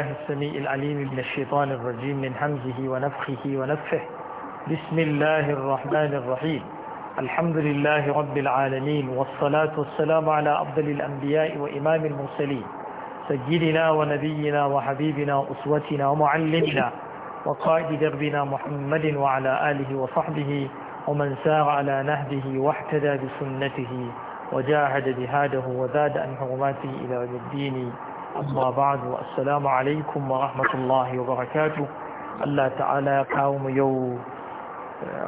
بالله السميع العليم من الشيطان الرجيم من همزه ونفخه ونفخه بسم الله الرحمن الرحيم الحمد لله رب العالمين والصلاة والسلام على أفضل الأنبياء وإمام المرسلين سجدنا ونبينا وحبيبنا أسوتنا ومعلمنا وقائد دربنا محمد وعلى آله وصحبه ومن سار على نهجه واحتدى بسنته وجاهد جهاده وزاد عن حرماته إلى الدين أما بعد والسلام عليكم ورحمة الله وبركاته الله تعالى قوم يو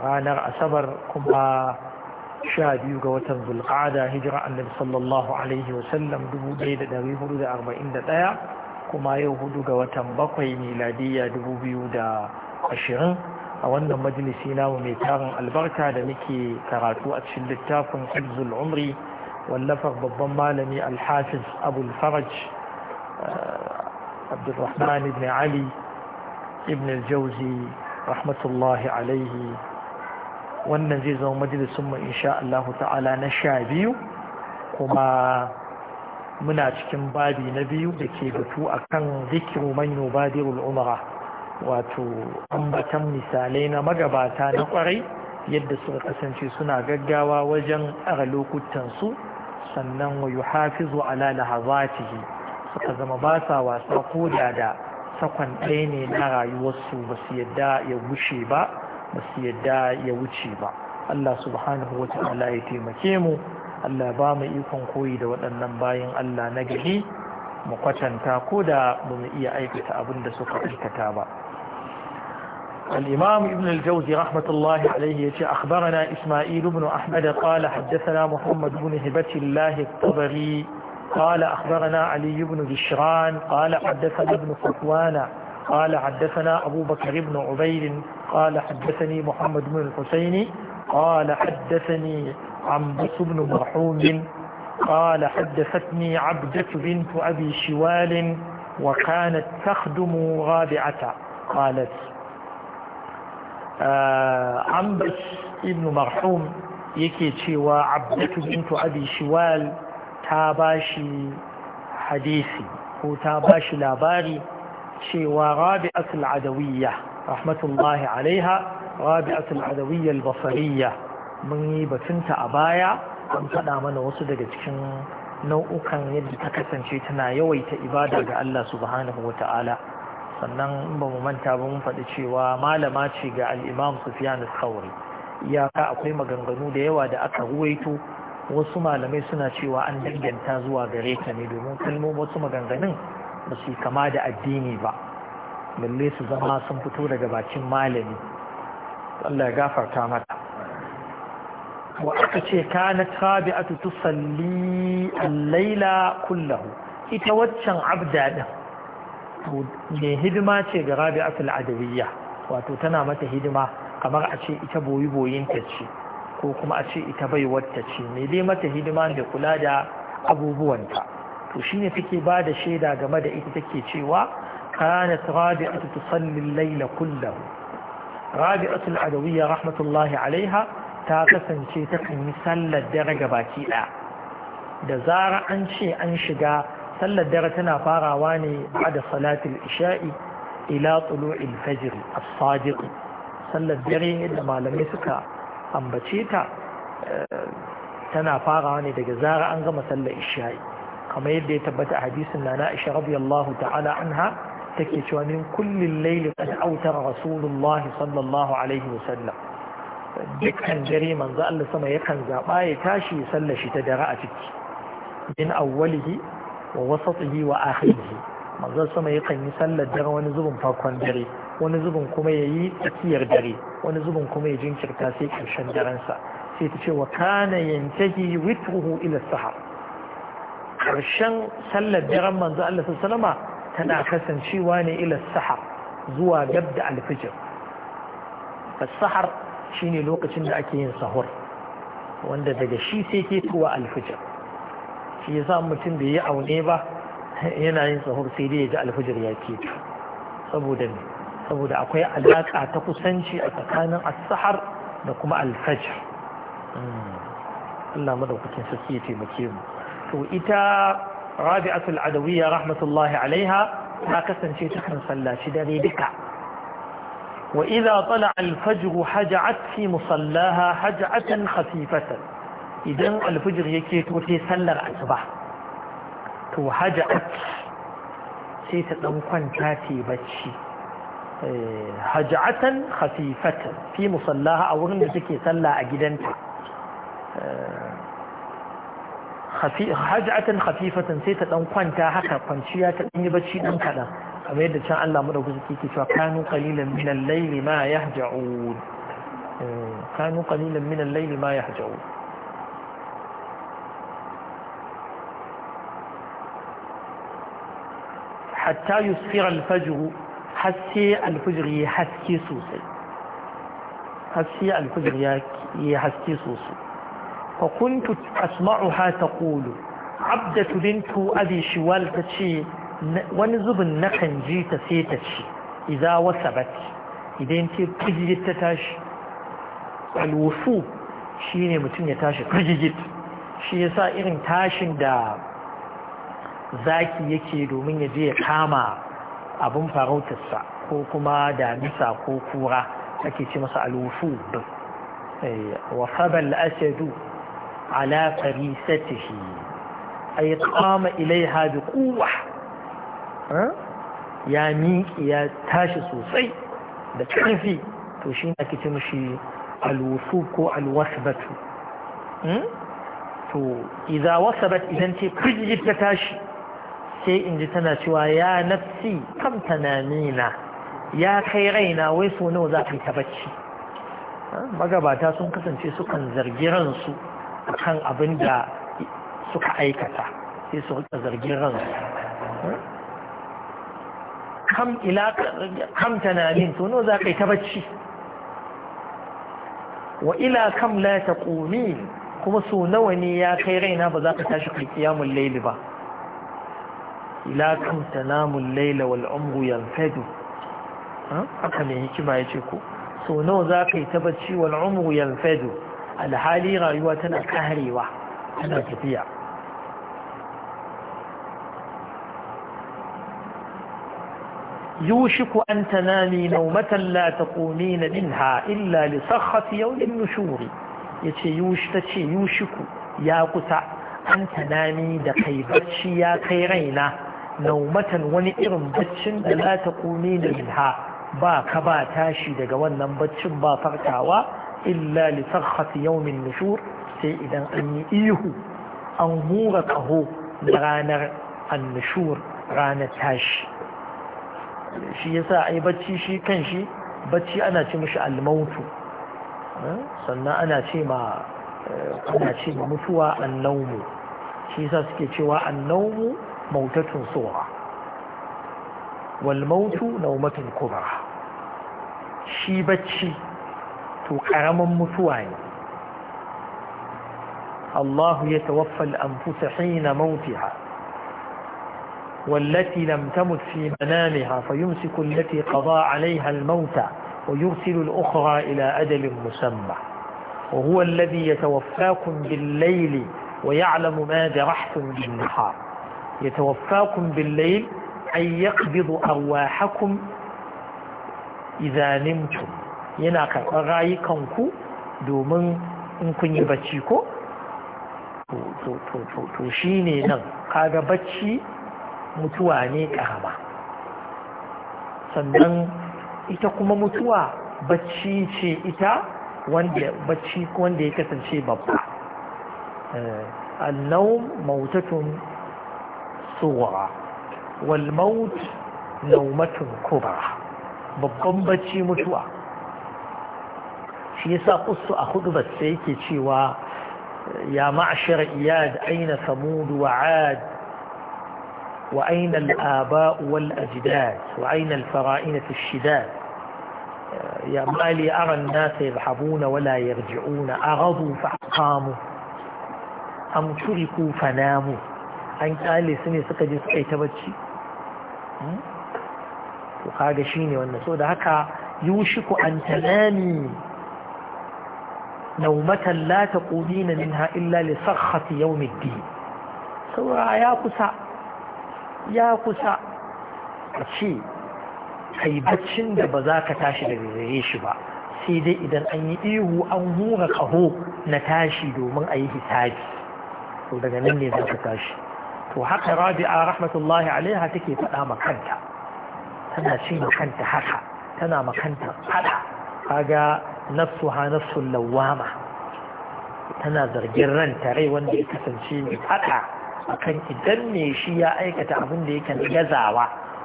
رانا أسبر كما شاد يوغا وتنذ القعدة هجرة النبي صلى الله عليه وسلم دبو ليلة دوي هدو دا أربعين دا دايا كما يو هدو غا وتنبقي ميلادية دبو بيو دا عشرين أولا مجلسينا وميتار البركة لمكي كراتو أتشل التافن حفظ العمري واللفظ بالضمالني الحافظ أبو الفرج عبد الرحمن بن علي ابن الجوزي رحمة الله عليه wannan zai zama majalisun mu insha Allah ta'ala na sha biyu kuma muna cikin babi na biyu da ke batu a kan zikiru man yubadirul umara wato ambatan misalai na magabata na kwarai yadda suka kasance suna gaggawa wajen tsara lokutansu sannan wa hafizu ala lahazatihi suka zama ba sa wasa ko da da sakon ɗaya ne na rayuwarsu ba su yadda ya ba ba su yadda ya wuce ba Allah subhanahu wa ta'ala ya taimake mu Allah ba mu ikon koyi da waɗannan bayan Allah na gari mu kwatanta ko da ba mu iya aikata abin da suka aikata ba الإمام ابن الجوزي رحمة الله عليه أخبرنا إسماعيل بن أحمد قال حدثنا محمد بن هبة الله الطبري قال أخبرنا علي بن بشران قال حدثنا ابن صفوان قال حدثنا أبو بكر بن عبيد قال حدثني محمد بن الحسين قال حدثني عنبس بن مرحوم قال حدثتني عبدة بنت أبي شوال وكانت تخدم رابعة قالت آه، عنبس بن مرحوم yake cewa abdatu bintu abi شوال ta ba shi hadisi ko ta ba shi labari cewa rabi asul adawiyya rahmatullahi alaiha rabi asul adawiyya albasariya mun yi batunta a baya an faɗa mana wasu daga cikin nau'ukan yadda ta kasance tana yawaita ibada ga Allah subhanahu wa ta'ala sannan ba mu manta ba mun faɗi cewa malama ce ga al'imam sufiyan al iyaka akwai maganganu da yawa da aka ruwaito wasu malamai suna cewa an danganta zuwa gare ta ne domin kalmo wasu maganganun ba su kama da addini ba lalle su zama sun fito daga bakin malami Allah ya gafarta mata wa aka ce kanat rabi'atu tusalli laila kullahu ita waccan abda din to ne hidima ce ga rabi'atul adawiyya wato tana mata hidima kamar a ce ita boyi boyin ta ce ko kuma a ce ita bai wata ce mai dai mata hidima da kula da abubuwanta to shine take ba da shaida game da ita take cewa kanat rabi'atu sallin al-layla kullahu rabi'atu al-adawiyya rahmatullahi alaiha ta kasance ta kan yi sallar dare gabaki ɗaya da zara an ce an shiga sallar dare tana farawa ne da salatul isha'i ila tulu'il fajr as-sadiq sallar dare yadda malamai suka ambace ta eh, tana farawa ne daga zara an gama sallar isha'i kamar yadda ya tabbata a hadisin na na isha radiyallahu ta'ala anha take cewa min kullin laili qad autar rasulullahi sallallahu alaihi wasallam dukkan dare manzo Allah sama yakan zaba ya tashi ya sallar shi ta dare a ciki min awwalihi wa wasatihi wa akhirihi manzo sama yakan yi sallar dare wani zubin farkon dare wani zubin kuma ya yi tsakiyar dare wani zubin kuma ya jinkirta sai ƙarshen darensa sai ta ce wa kana yantahi witruhu ila sahar ƙarshen sallar daren manzo Allah sallama tana kasancewa ne ila sahar zuwa gab da alfijir sahar shine lokacin da ake yin sahur wanda daga shi sai ke tuwa alfijir shi yasa mutum bai yi aune ba yana yin sahur sai dai ya ji alfijir ya ke saboda ne saboda akwai alaƙa ta kusanci a tsakanin as da kuma al-fajr Allah madaukakin sarki ya taimake mu to ita rabi'atul adawiyya rahmatullahi alaiha ta kasance ta kan sallaci dare duka wa idza tala al-fajr haja'at fi musallaha haja'atan khafifatan idan al-fajr yake to sai sallar asuba to haja'at sai ta dan kwanta ta bacci haja'atan khafifatan fi musallaha a wurin da take sallah a gidanta haja'atan khafifatan sai ta dan kwanta haka kwanciya ta dan yi bacci dan kadan kamar yadda can Allah madaukaki ke cewa kanu qalilan min al-layli ma yahja'un kanu qalilan min al-layli ma yahja'un hatta yusfira al-fajr haske alfijir ya haske sosai haske alfijir ya haske sosai fa kuntu asma'uha taqulu abdatu bintu abi shiwal tace wani zubin na kan ji ta sai ta ce idza wasabat idan ce fijir ta tashi alwufu shine mutum ya tashi fijir shi yasa irin tashin da zaki yake domin ya je ya kama abin farautarsa ko kuma damisa ko kura ake ce masa alwufu eh, wa fabal asadu ala farisatihi ay qama ilaiha bi quwwa eh, ya miƙi ya tashi sosai da ƙarfi to shi ake ce mashi alwufu ko alwasbatu hmm? to idza wasabat idan ce fijjit ta tashi sai in ji tana cewa ya nafsi kam nina ya kai raina wai so nawa za ka ta bacci magabata sun kasance sukan zargi ransu kan abin da suka aikata sai su rika zargin ransu kam ila kam tanamin so nawa za ka yi ta bacci wa ila kam la taqumin kuma so nawa ne ya kai raina ba za ka tashi kai qiyamul layli ba ila kam tanamun laila wal umru yanfadu haka mai hikima ya ce ko so nawa za ka yi ta bacci wal umru yanfadu alhali rayuwa tana karewa tana tafiya يوشك أن تنامي نومة لا تقومين منها إلا لصخة يوم النشور يتي يوش تتي يوشك يا قطع أن تنامي دقي يا خيرينا naumatan wani irin baccin da la ta kuni da minha ba ka ba tashi daga wannan baccin ba farkawa illa li sarhati yawmin nushur sai idan an yi ihu an hura kaho da ranar annushur ranar tashi shi yasa ai bacci shi kan shi bacci ana ce mishi almautu eh, sannan ana ce ma eh, ana ce ma mutuwa annaumu shi yasa suke cewa annaumu موتة صغرى والموت نومة كبرى shi bacci to ƙaramin mutuwa ne Allah ya tawaffal والتي لم تمت في منامها فيمسك التي قضى عليها الموت ويرسل الأخرى إلى أجل مسمى وهو الذي يتوفاكم بالليل ويعلم ما جرحتم بالنهار يتوفاكم بالليل أن يقبض أرواحكم إذا نمتم yana karɓar rayukanku domin in kun yi bacci ko? to shi ne nan kaga bacci mutuwa ne ƙarama sannan ita kuma mutuwa bacci ce ita wanda bacci wanda ya kasance babba annau mautatun صغرى والموت نومة كبرى ببقم بچي متوى شيسا قصة أخذ بسيكي شوى يا معشر إياد أين ثمود وعاد وأين الآباء والأجداد وأين الفرائنة الشداد يا مالي أرى الناس يذهبون ولا يرجعون أغضوا فأقاموا أم تركوا فناموا an kyale su ne suka je suka yi ta bacci hmm? to kaga ne wannan so da haka yushiku an tanani naumatan la min ha illa li sakhati yawmiddin saura ya kusa ya kusa a ce kai baccin da ba za ka tashi da gare shi ba sai dai idan an yi ihu an hura kaho na tashi domin a yi hisabi to daga nan ne za ka tashi to haka rabi'a rahmatullahi alaiha take faɗa makanta tana shi makanta haka tana makanta faɗa kaga nafsu ha nafsu lawama tana zargin ranta rai wanda ya kasance mai faɗa akan idan me shi ya aikata abin da yake na gazawa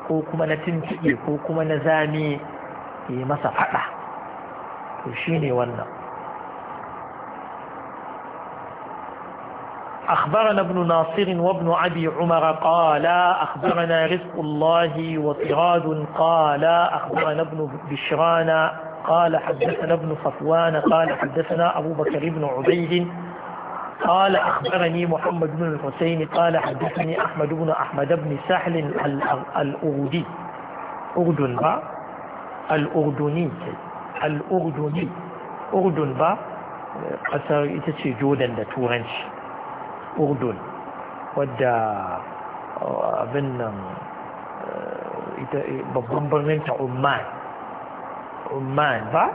ko kuma na tuntuɓe ko kuma na zame yi masa faɗa to shine wannan أخبرنا ابن ناصر وابن أبي عمر قالا أخبرنا رزق الله وطراد قالا أخبرنا ابن بشران قال حدثنا ابن صفوان قال حدثنا أبو بكر بن عبيد قال أخبرني محمد بن الحسين قال حدثني أحمد بن أحمد بن سهل الأردي أردن با الأردني الأردني أردن با قصر إتسي جودا دا urdun wadda uh, abin nan uh, eh, babban birnin ta umman umman ba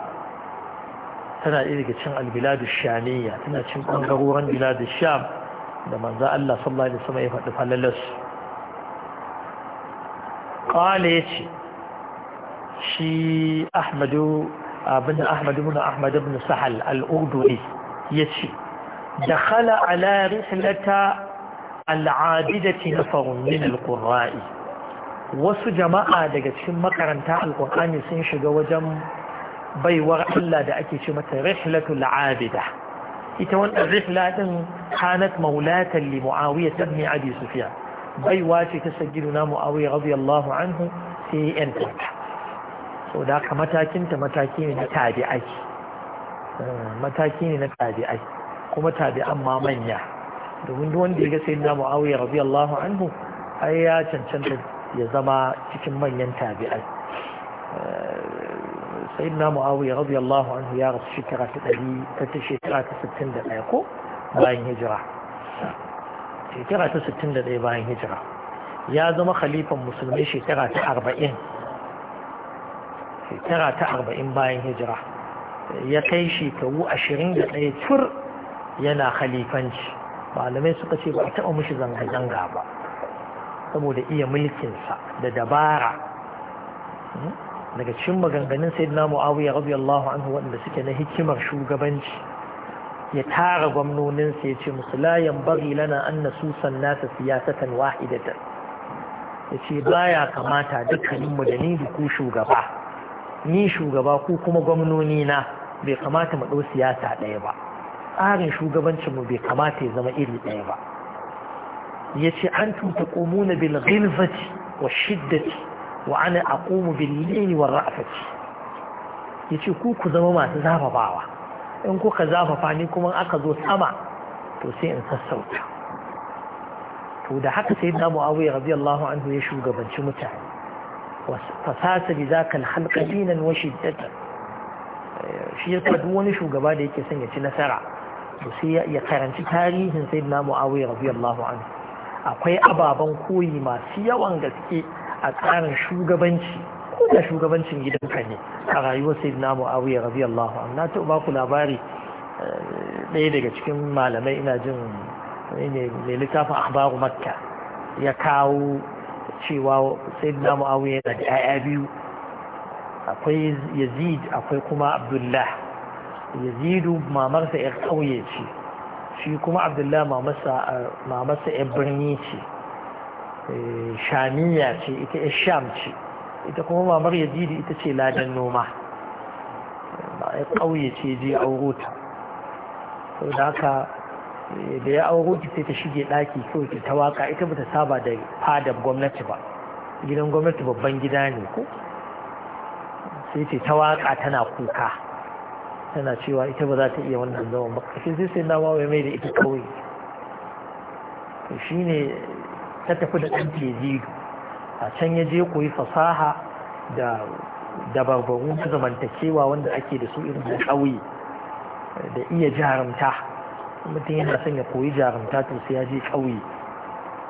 tana iya daga cin albiladu shaniya tana cin ɓangarorin biladu sham da manza Allah sallallahu alaihi wasallam ya faɗi falalarsu ƙwale ya ce shi ahmadu abin ahmadu bin ahmadu bin sahal al'urduni ya ce دخل على رحلة العابدة نفر من القراء wasu jama'a daga cikin makaranta alkur'ani sun shiga wajen baiwar Allah da ake ce mata rihlatul abida ita wanda rihla din kanat maulatan li muawiya ibn abi sufyan baiwa ce ta sayyiduna muawiya radiyallahu anhu sai yan ta so da ka matakin ta mataki ne na tabi'ai mataki ne na tabi'ai kuma tabi'an ma manya domin duk wanda ya ga sayyidina muawiya radiyallahu anhu ai ya cancanta ya zama cikin manyan tabi'ai sayyidina muawiya radiyallahu anhu ya rasu shekara ta ɗari ta shekara ta sittin da ɗaya ko bayan hijira shekara ta sittin da ɗaya bayan hijira ya zama khalifan musulmi shekara ta arba'in shekara ta arba'in bayan hijira ya kai shekaru ashirin da ɗaya tur yana khalifanci malamai suka ce ba a taɓa mushi zanga-zanga ba saboda iya mulkinsa da dabara hmm? daga cikin maganganun sayyidina muawiya an anhu waɗanda suke na hikimar shugabanci ya tara gwamnoninsa ya ce musu layan bari lana an susan nasa siyasatan wahidatan ya ce baya kamata dukkaninmu da ni da ku shugaba ni shugaba ku kuma gwamnoni na bai kamata mu ɗau siyasa ɗaya ba tsarin shugabancinmu bai kamata ya zama iri ɗaya ba ya ce an tuta ƙomuna bil ghilzati wa shiddati wa ana aqumu bil lini wa ra'afati ya ce ku ku zama masu zafafawa in kuka zafafa ni kuma aka zo sama to sai in sassauta to da haka sai na mu'awiyya radiyallahu anhu ya shugabanci mutane fasasa bi zaka alhalqatinan wa eh, shi ya wani shugaba da yake son ya ci nasara to sai ya karanci tarihin na muawiya radiyallahu anhu akwai ababan koyi masu yawan gaske a tsarin shugabanci ko da shugabancin gidan gidanka ne a rayuwar na muawiya radiyallahu anhu na ba ku labari eh, ɗaya daga cikin malamai ina jin eh, mai littafin akhbaru makka ya kawo cewa na muawiya yana da 'ya'ya biyu akwai yazid akwai kuma abdullah yazidu mamarsa yar ƙauye ce shi kuma abdullahi mamarsa yar birni ce eh, shamiya ce ita ya sham ce ita kuma mamar yazidu ita ce ladan noma ya ƙauye ce je aurota, sau da haka eh, da ya auro sai ta shige ɗaki kawai ta waka ita ba ta saba da fadar gwamnati ba gidan gwamnati babban gida ne ko sai ce ta waka tana kuka tana cewa ita ba za ta iya wannan zaman ba cikin sai na wawai mai da ita kawai to shi ne ta tafi da ɗan a can ya je koyi fasaha da dabarbaru na zamantakewa wanda ake da su irin da ƙauye da iya jarumta mutum yana son ya koyi jarumta to sai ya je ƙauye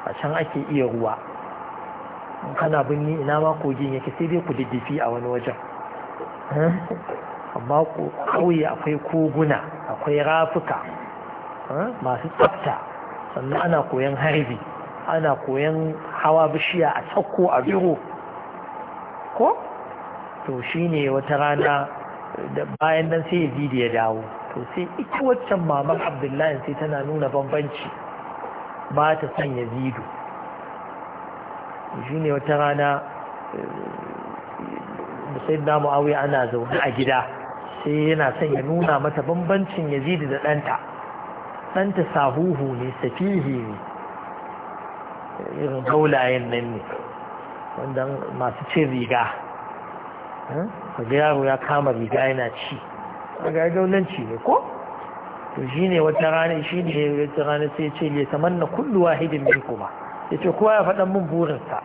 a can ake iya ruwa kana binni ina ma kogin yake sai dai ku diddifi a wani wajen amma kauye akwai koguna akwai rafuka masu tsafta sannan ana koyan harbi ana koyan hawa bishiya a tsakko a biro ko to shine wata rana bayan nan sai da ya dawo to sai ita waccan maman abdullahi sai tana nuna bambanci ba ta son yazidu shine wata rana eh, da sai damu mu'awiya ana zaune a gida sai yana son ya nuna mata bambancin yazidi da ɗanta ɗanta sahuhu ne safihi ne irin gaulayen nan ne wanda masu cin riga yaro ya kama riga yana ci ga gaulanci ne ko to shine wata rana ne wata rana sai ce saman na kullu wahidin ya yace kowa ya faɗa mun burinsa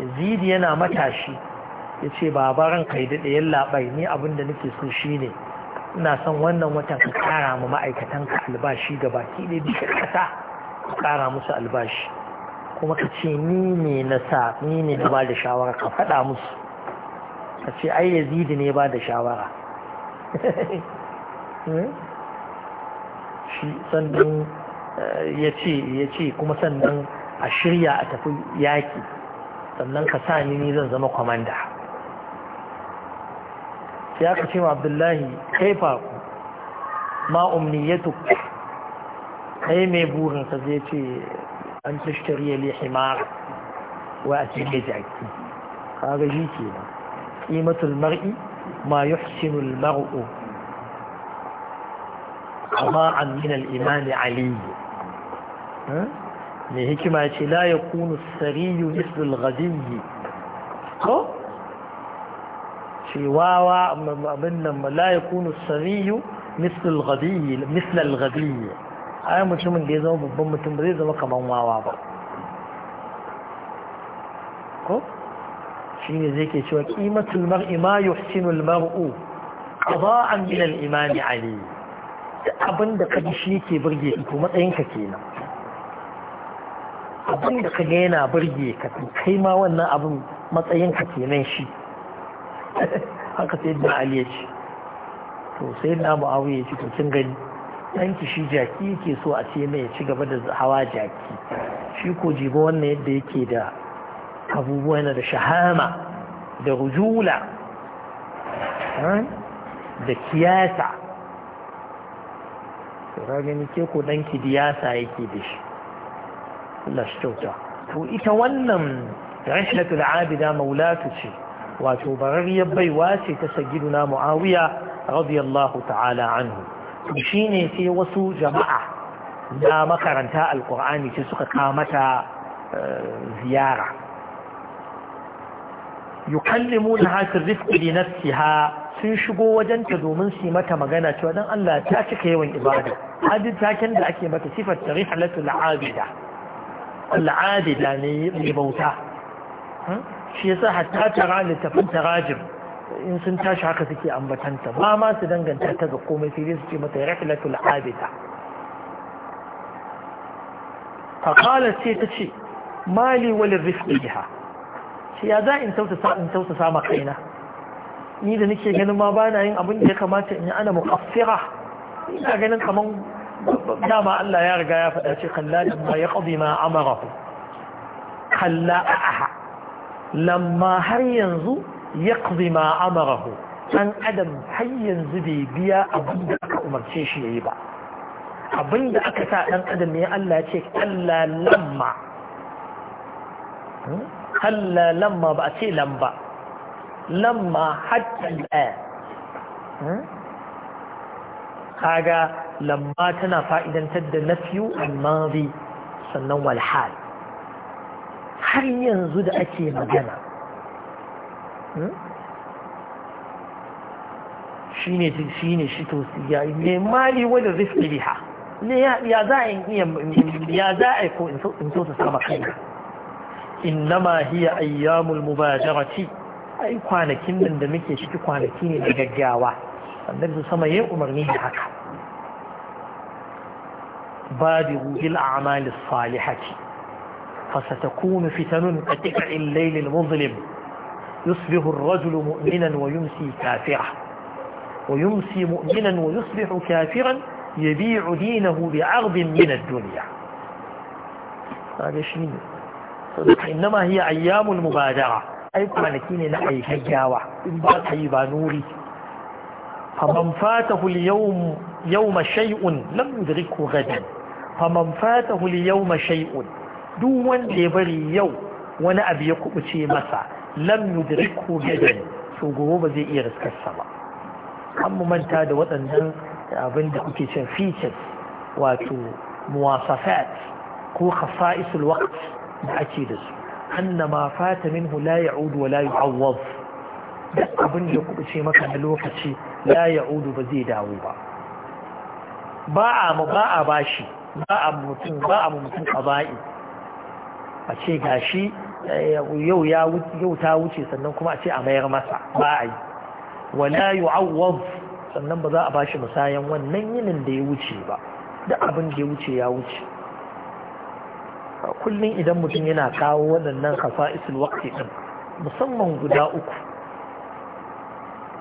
yazidi yana matashi ya ce babaran kai daɗe yan labai ni abin da nake so shi ne ina son wannan watan ka kara ma ma'aikatan ka albashi ga baki ɗaya duka ƙasa ka kara musu albashi kuma ka ce ni ne na sa ni ne na ba da shawara ka faɗa musu ka ce ai yazidi ne ba da shawara hmm? shi sannan eh, ya ce ya ce kuma sannan a shirya a tafi yaƙi sannan ka sa ni zan zama kwamanda sai aka ce wa abdullahi kai faku ma umniyatu kai mai burinsa zai ce an tashtari ya li himar wa a ce mai jaki kaga shi ke nan ƙimatul mar'i ma yuhsinul mar'u kama an min al-imam ali mai hikima ce la yakunu sariyu mislul ghadiyyi ko cewawa abin nan la yakunu sariyu mislul ghadiyyi mislal ghadiyyi ai mutumin da ya zama babban mutum ba zai zama kamar wawa ba ko shine zai ke cewa qimatul mar'i ma yuhsinu al mar'u qada'an min al iman ali abin da kaji shi ke burge ka matsayin ka kenan abin da kaga yana burge ka kai ma wannan abin matsayin ka kenan shi haka sai da ali ya ce to sai na mu'awiya ya ce to kin gani ki shi jaki yake so a ce mai ci gaba da hawa jaki shi ko jibo wannan yadda yake da abubuwa yana da shahama da rujula eh, da kiyasa ra gani ke ko ki diyasa yake da shi Allah shi kyauta to ita wannan rashlatul abida maulatu ce wato barariyar baiwa ce ta sagiduna mu'awiya radiyallahu ta'ala anhu shi ne sai wasu jama'a na makaranta alkur'ani ce suka kamata eh, ziyara yukallimu na haka rifki li sun shigo wajenta domin su mata magana cewa dan Allah ta cika yawan ibada hadin taken da ake mata sifar tarihalatu al'abida al'abida ne bauta hmm? shi yasa hatta tara littafin tarajim in sun tashi haka suke ambatanta ba ma su danganta ta ga komai sai su ce mata rahilatul abita faqala sai ta ce mali wal rifqi biha shi ya za in tausasa in tausasa ma kaina ni da nake ganin ma bana yin abin da ya kamata in yi ana muqaffira ina ganin kaman dama Allah ya riga ya faɗa ce kalla ma ya qadi ma amara kalla aha لما هر ينزو يقضي ما امره ان ادم هر ينزو بي بيا ابن دا اكا امر تشيشي ايبا ابن دا اكا سا ان ادم يا الله تشيك الا لما هلا لما بأتي لما لما حتى الآن هذا لما تنا فائدة تد نفي الماضي سنو الحال har yanzu da ake magana shi ne shi ne shi tosiya mai mali wadda zai biha ne ya za a yi ya za a yi ko in so ta sama kai innama hiya ayyamul mubajarati ai kwanakin nan da muke shiki kwanaki ne da gaggawa annabi su sama yayin umarni da haka babu bil a'malis salihati فستكون فتن كتبع الليل المظلم يصبح الرجل مؤمنا ويمسي كافرا ويمسي مؤمنا ويصبح كافرا يبيع دينه بعرض من الدنيا هذا شيء إنما هي أيام المبادرة أي كانكين نحي كجاوة إن حيبا نوري فمن فاته اليوم يوم شيء لم يدركه غدا فمن فاته اليوم شيء duk wanda ya bari yau wani abu ya kubuce masa lam yudriku gadan to gobe ba zai iya riskarsa ba an mu manta da waɗannan abin da kuke cin features wato muwasafat ko khasa'isul waqt da ake da su anna ma fata minhu la ya'ud wa la yu'awwad abin da kubuce maka na lokaci la ya'ud ba zai dawo ba ba a ba a bashi ba a mutum ba a mutum qaba'i a ce gashi eh, yau ya yau ta wuce sannan kuma a ce a mayar masa ba a yi wala yu'awwad sannan ba za a bashi musayan wannan yinin da ya wuce ba duk abin da ya wuce ya wuce kullum idan mutum yana kawo waɗannan khasa'isul waqti din musamman guda uku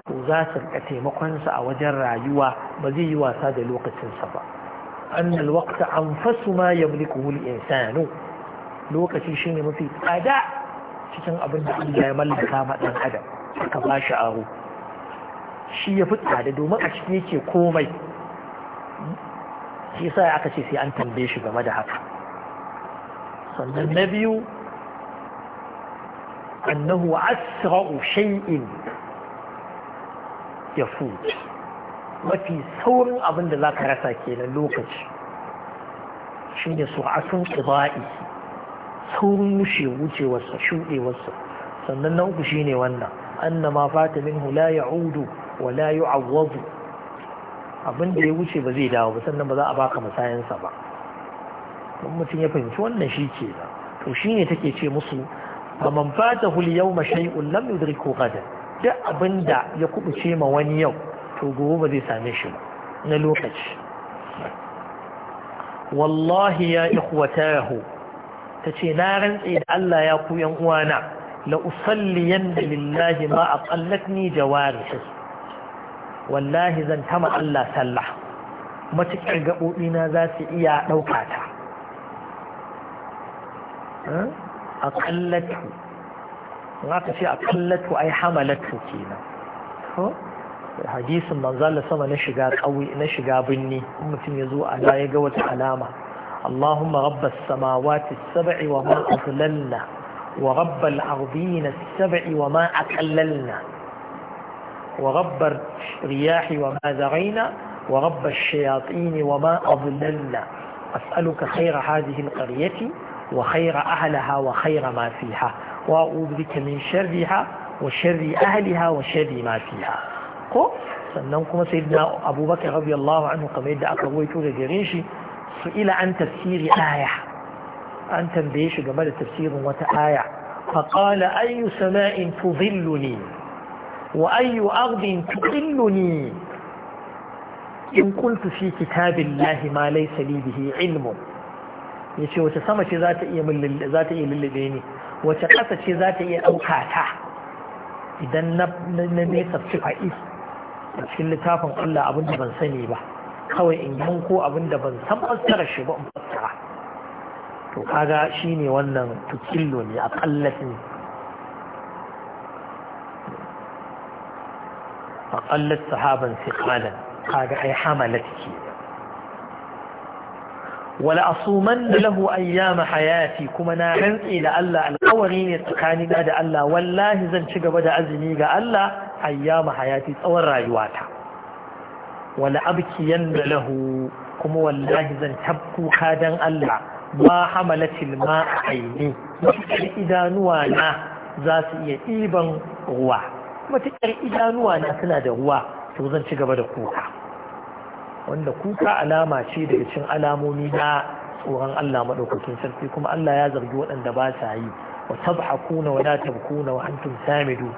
ko za su rika taimakonsa a wajen rayuwa ba zai yi wasa da lokacinsa ba an alwaqta anfasu ma yamlikuhu al-insanu lokaci shine mafi tsada cikin abin da Allah ya mallaka ma dan adam aka ba shi aro shi ya fi tsada domin a ciki yake komai shi sa aka ce sai an tambaye shi game da haka sannan na biyu annahu asra'u shay'in yafut mafi saurin abin da za ka rasa kenan lokaci shine su'atun qida'i saurin wuce wucewarsa shuɗewarsa sannan na uku shine wannan Annama ma fata hula ya ya'udu wa la yu'awwadu abin da ya wuce ba zai dawo ba sannan ba za a baka masayansa ba don mutum ya fahimci wannan shi ke to shine take ce musu ba man fata hul yawma shay'un lam yudriku gadan duk abin da ya kubuce ma wani yau to gobe ba zai same shi ba na lokaci wallahi ya ikwata yaho. ta ce na rantse da Allah ya ku yan uwana la usalliyan da lillahi ma a kallatni jawarihi wallahi zan tama Allah sallah matuƙar gaɓoɓi na za su iya ɗauka ta a kallatu za ka ce a kallatu ai hamalatu kenan ko hadisin manzala sama na shiga ƙauye na shiga binni mutum ya zo a ya ga wata alama اللهم رب السماوات السبع وما أضللنا ورب الأرضين السبع وما أكللنا ورب الرياح وما زرينا ورب الشياطين وما أضللنا أسألك خير هذه القرية وخير أهلها وخير ما فيها وأعوذ بك من شرها وشر أهلها وشر ما فيها قف سنوكم سيدنا أبو بكر رضي الله عنه قميد kamar yadda su ila an tafsiri aya an tambaye shi game da tafsirin wata aya فقال أي سماء تظلني وأي أرض تقلني إن كنت في كتاب الله ما ليس لي به علم wace sama ce za ta iya za ta iya lullube wace ƙasa ce za ta iya ɗauka ta idan na nesa fa'i a cikin littafin Allah abin da ban sani ba kawai in yanko abin da ban san fassara shi ba in fassara to kaga shine wannan tukillo ne a kallafin a kallat sahaban sai sikalan kaga ai hamalat ke wala asuman da lahu ayyama hayati kuma na rantse da Allah alkawari ne tsakanina da Allah wallahi zan ci gaba da azumi ga Allah ayyama hayati tsawon rayuwata wala yanda lahu kuma wallahi zan tabku kadan Allah ma hamalatil ma aini idanuwa na za su iya ɗiban ruwa matuƙar idanuwa na suna da ruwa to zan ci gaba da kuka wanda kuka alama ce daga cin alamomi na tsoron Allah maɗaukakin sarki kuma Allah ya zargi waɗanda ba sa yi wa tabhakuna wa la tabkuna wa antum samidu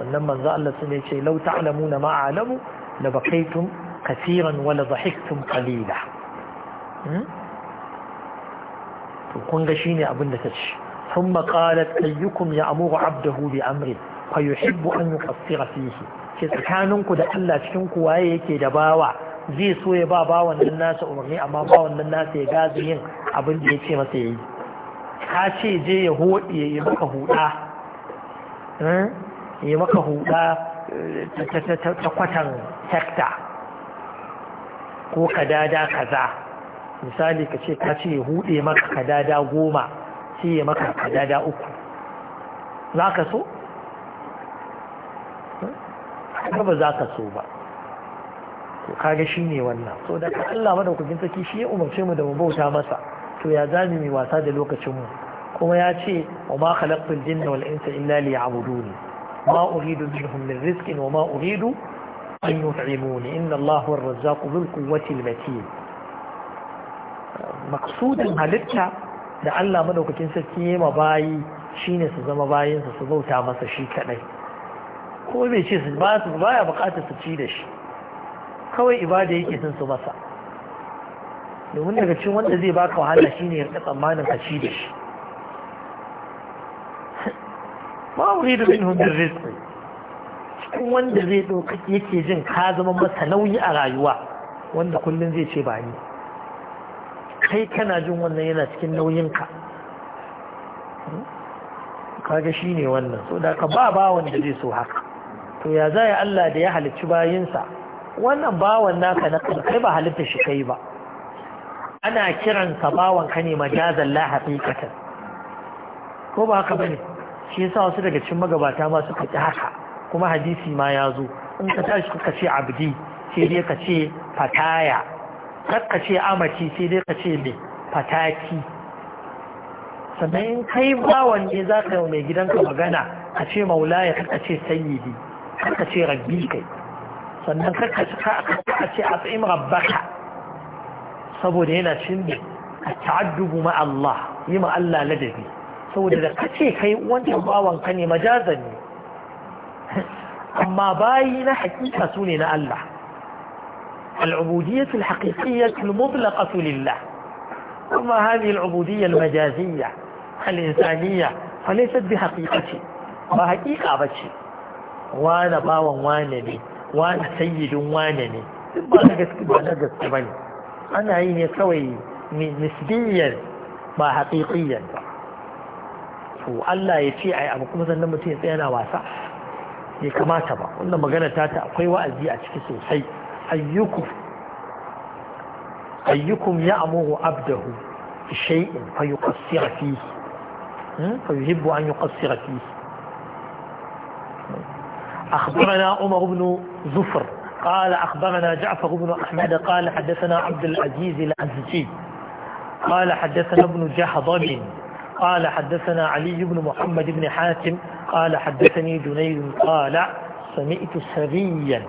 sannan manzo Allah sun ce lau ta'lamuna ma a'lamu لبقيتم كثيرا ولضحكتم قليلا kun ga shi ne abin da ta ce sun maƙalat ayyukum ya amuru abdahu bi amri fa yuhibbu an yuqassira fihi ce tsakaninku da Allah cikin ku waye yake da bawa zai so ya ba bawan nan nasa umarni amma bawan nan nasa ya gaza yin abin da ya ce masa yayi ka ce je ya hodi ya maka huda ya maka huda ta kwatan hekta ko kadada kaza misali ka ce ka ce ya hude maka kadada goma sai ya maka kadada uku za ka so? ba za ka so ba to kaga shi ne wannan so da Allah madaukakin saki shi ya umarce mu da mu bauta masa to ya zami mai wasa da lokacinmu kuma ya ce wa ma khalaqtul jinna wal insa illa liya'buduni ما أريد منهم من رزق وما أريد أن يطعموني إن الله هو الرزاق ذو القوة المتين مقصود halitta da Allah madaukakin sarki ya ma bayi shine su zama bayinsa su bauta masa shi kaɗai. ko bai ce ba su baya bukatar su ci da shi kawai ibada yake sun su masa domin daga cikin wanda zai baka wahala shine ya rika tsammanin ka ci da shi ma da minhum min rizqi cikin wanda zai doka yake jin ka zama masa nauyi a rayuwa wanda kullum zai ce ba ni kai kana jin wannan yana cikin ka kaga shi ne wannan so da ka ba bawan da zai so haka to ya ya Allah da ya halicci bayinsa wannan bawan naka na kai ba halitta shi kai ba ana kiransa bawan ka ne majazan la haqiqatan ko ba haka bane shi yasa wasu daga cikin magabata ma suka ƙi haka kuma hadisi ma ya zo in ka tashi ka ce abdi sai dai ka ce fataya kar ka ce amaci sai dai ka ce mai fataki sannan in kai bawan ne za ka yi mai gidanka magana ka ce maulaya kar ka ce sayyidi kar ka ce rabbi kai sannan kar ka ce a tsayin rabbaka saboda yana cin ne a ta'addubu ma Allah yi ma Allah ladabi saboda da ka ce kai wancan bawan ka ne majazan ne amma bayi na hakika su ne na Allah العبودية الحقيقية المطلقة لله أما هذه العبودية المجازية الإنسانية فليست بحقيقة بحقيقة بشي وانا باوا وانا لي وانا سيد وانا لي بانا قسك بانا قسك بني أنا عيني كوي نسبيا ما حقيقيا بقى. to Allah ya ce ai abu kuma sannan mutum ya tsaya na wasa ya kamata ba wannan magana ta ta akwai wa'azi a ciki sosai ayyukum ayyukum ya'muru abdahu bi shay'in fa yuqassira fihi fa yuhibbu an yuqassira fihi أخبرنا عمر بن زفر قال أخبرنا جعفر بن أحمد قال حدثنا عبد العزيز العزجي قال حدثنا ابن جهضم قال حدثنا علي بن محمد بن حاتم قال حدثني جنيد قال سمعت سريا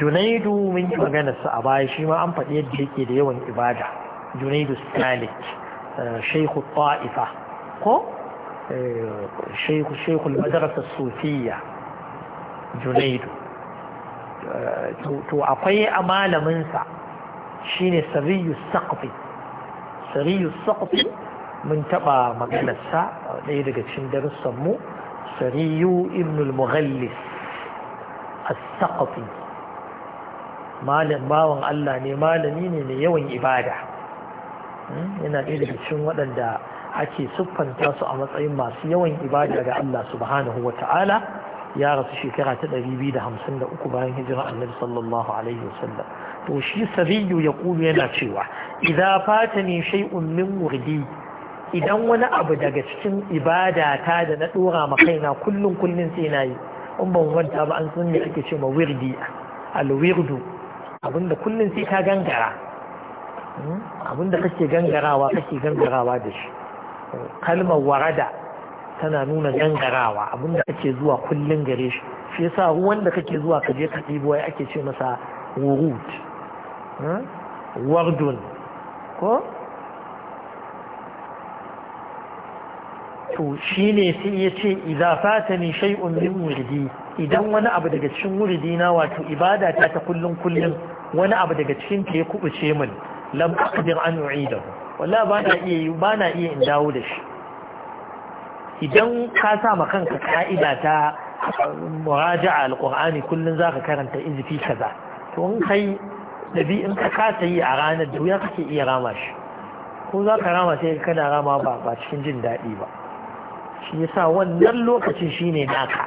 جنيد من جمعنا سأباي شما أم فأيد ديوان إبادة جنيد السالك آه، شيخ الطائفة قو آه، شيخ شيخ المدرسة الصوفية جنيد آه، تو أقوي أمال منسع شين سري السقف سري السقف mun taɓa maganarsa a ɗaya daga cikin darussanmu sariyu ibn al-mughallis as-saqafi malam bawan Allah ne malami ne mai yawan ibada hmm, yana ɗaya daga cikin waɗanda ake siffanta su a matsayin masu yawan ibada ga Allah subhanahu wa ta'ala ya rasu shekara ta 253 bayan hijira annabi sallallahu alaihi wasallam to shi sabiyu ya yana cewa idza fatani shay'un min wurdi idan wani abu daga cikin ibada ta da na dora ma kaina kullum kullum sai na yi in ban wanta ba an san me ake ce ma wirdi alwirdu abinda kullum sai ka gangara hmm? abinda kake gangarawa kake gangarawa da shi kalmar warada tana nuna gangarawa abinda kake zuwa kullum gare shi shi yasa ruwan da kake zuwa ka je ka ɗibo ake ce masa wurud hmm? wardun ko shi ne sai ya ce idza ne shai'un min wuridi idan wani abu daga cikin wuridi na wato ibada ta ta kullum kullum wani abu daga cikin ta ya kubuce min lam aqdir an u'idahu wallahi ba na iya ba na iya in dawo da shi idan ka sa ma kanka ka'ida ta muraja'a alqur'ani kullun zaka karanta izfi kaza to in kai dabi in ka kasa yi a ranar da wuya kake iya rama shi ko za ka rama sai kana rama ba cikin jin daɗi ba shi yasa wannan lokaci shine naka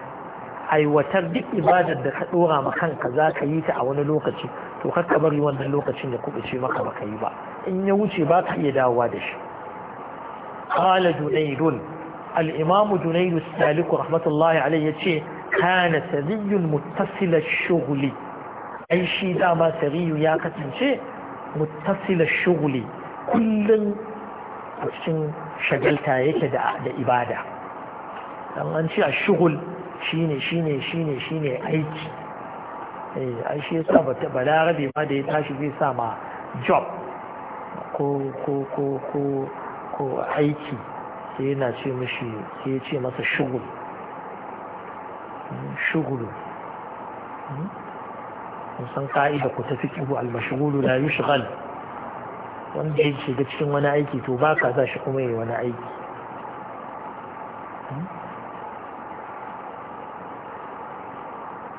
aiwatar duk ibadar da ka dora ma kanka za ka yi ta a wani lokaci to kar ka bari wannan lokacin ya ce maka baka yi ba in ya wuce ba ka iya dawowa da shi qala junaydun al-imam junayd Saliku salik rahmatullahi alayhi yace kana sariyun muttasila ash-shughli ai shi dama sariyu ya kasance muttasila ash-shughli kullun a cikin shagalta yake da ibada dan an ce a shugul shine shine shine shine aiki eh ai shi yasa ba balarabe ma da ya tashi zai sa ma job ko ko ko ko ko aiki sai yana ce mashi sai ya ce masa shugul hmm, shugulu hmm? san ka'ida ku tafi kihu na yi shigal wanda ya shiga cikin wani aiki to ba ka za shi kuma yi wani aiki hmm?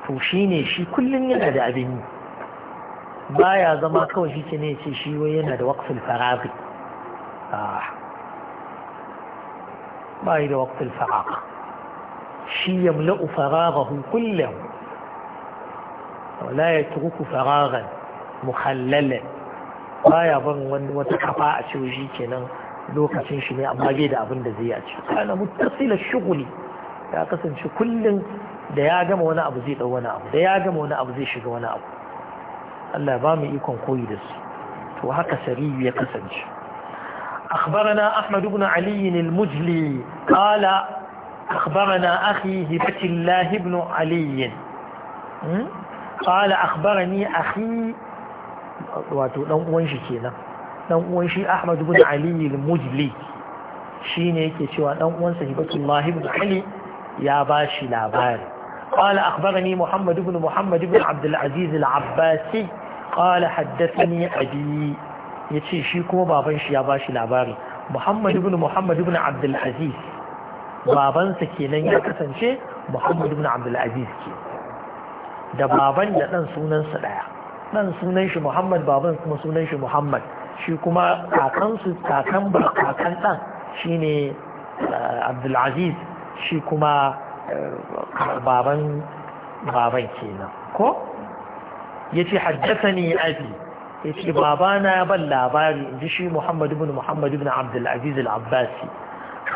to shi ne shi kullum yana da abin yi baya zama kawai shi ke ne ce shi wai yana da waqful faraghi ah. ba yi da waqful farag. shi yamla'u faraghahu kullahu la yatruku faraghan mukhallalan baya ban wani wata kafa a ce shi kenan lokacin shi ne amma bai da abin da zai yi a ciki kana muttasila shuguli ya kasance kullum da ya gama wani abu zai dau wani abu da ya gama wani abu zai shiga wani abu Allah ba mu ikon koyi da su to haka sariyu ya kasance أخبرنا أحمد بن علي المجلي قال أخبرنا أخي هبة الله بن علي قال أخبرني أخي wato dan uwan shi kenan dan uwan shi Ahmad ibn Ali al-Mujli shine yake cewa dan uwan sa Hibatullah ibn Ali ya bashi labari قال أخبرني محمد بن محمد بن عبد العزيز العباسي قال حدثني أبي يتشي شيكم بابن شياباش العباري محمد بن محمد بن عبد العزيز بابن سكينين يكسن شي محمد بن عبد العزيز كي da baban da ɗan sunansa ɗaya ɗan sunan shi muhammad baban kuma sunan shi muhammad shi kuma kakansu kakan ba kakan ɗan shine abdulaziz shi kuma baban baban kenan ko yace haddathani abi yace babana ya ban labari inji shi Muhammad ibn Muhammad ibn Abdul Aziz al-Abbasi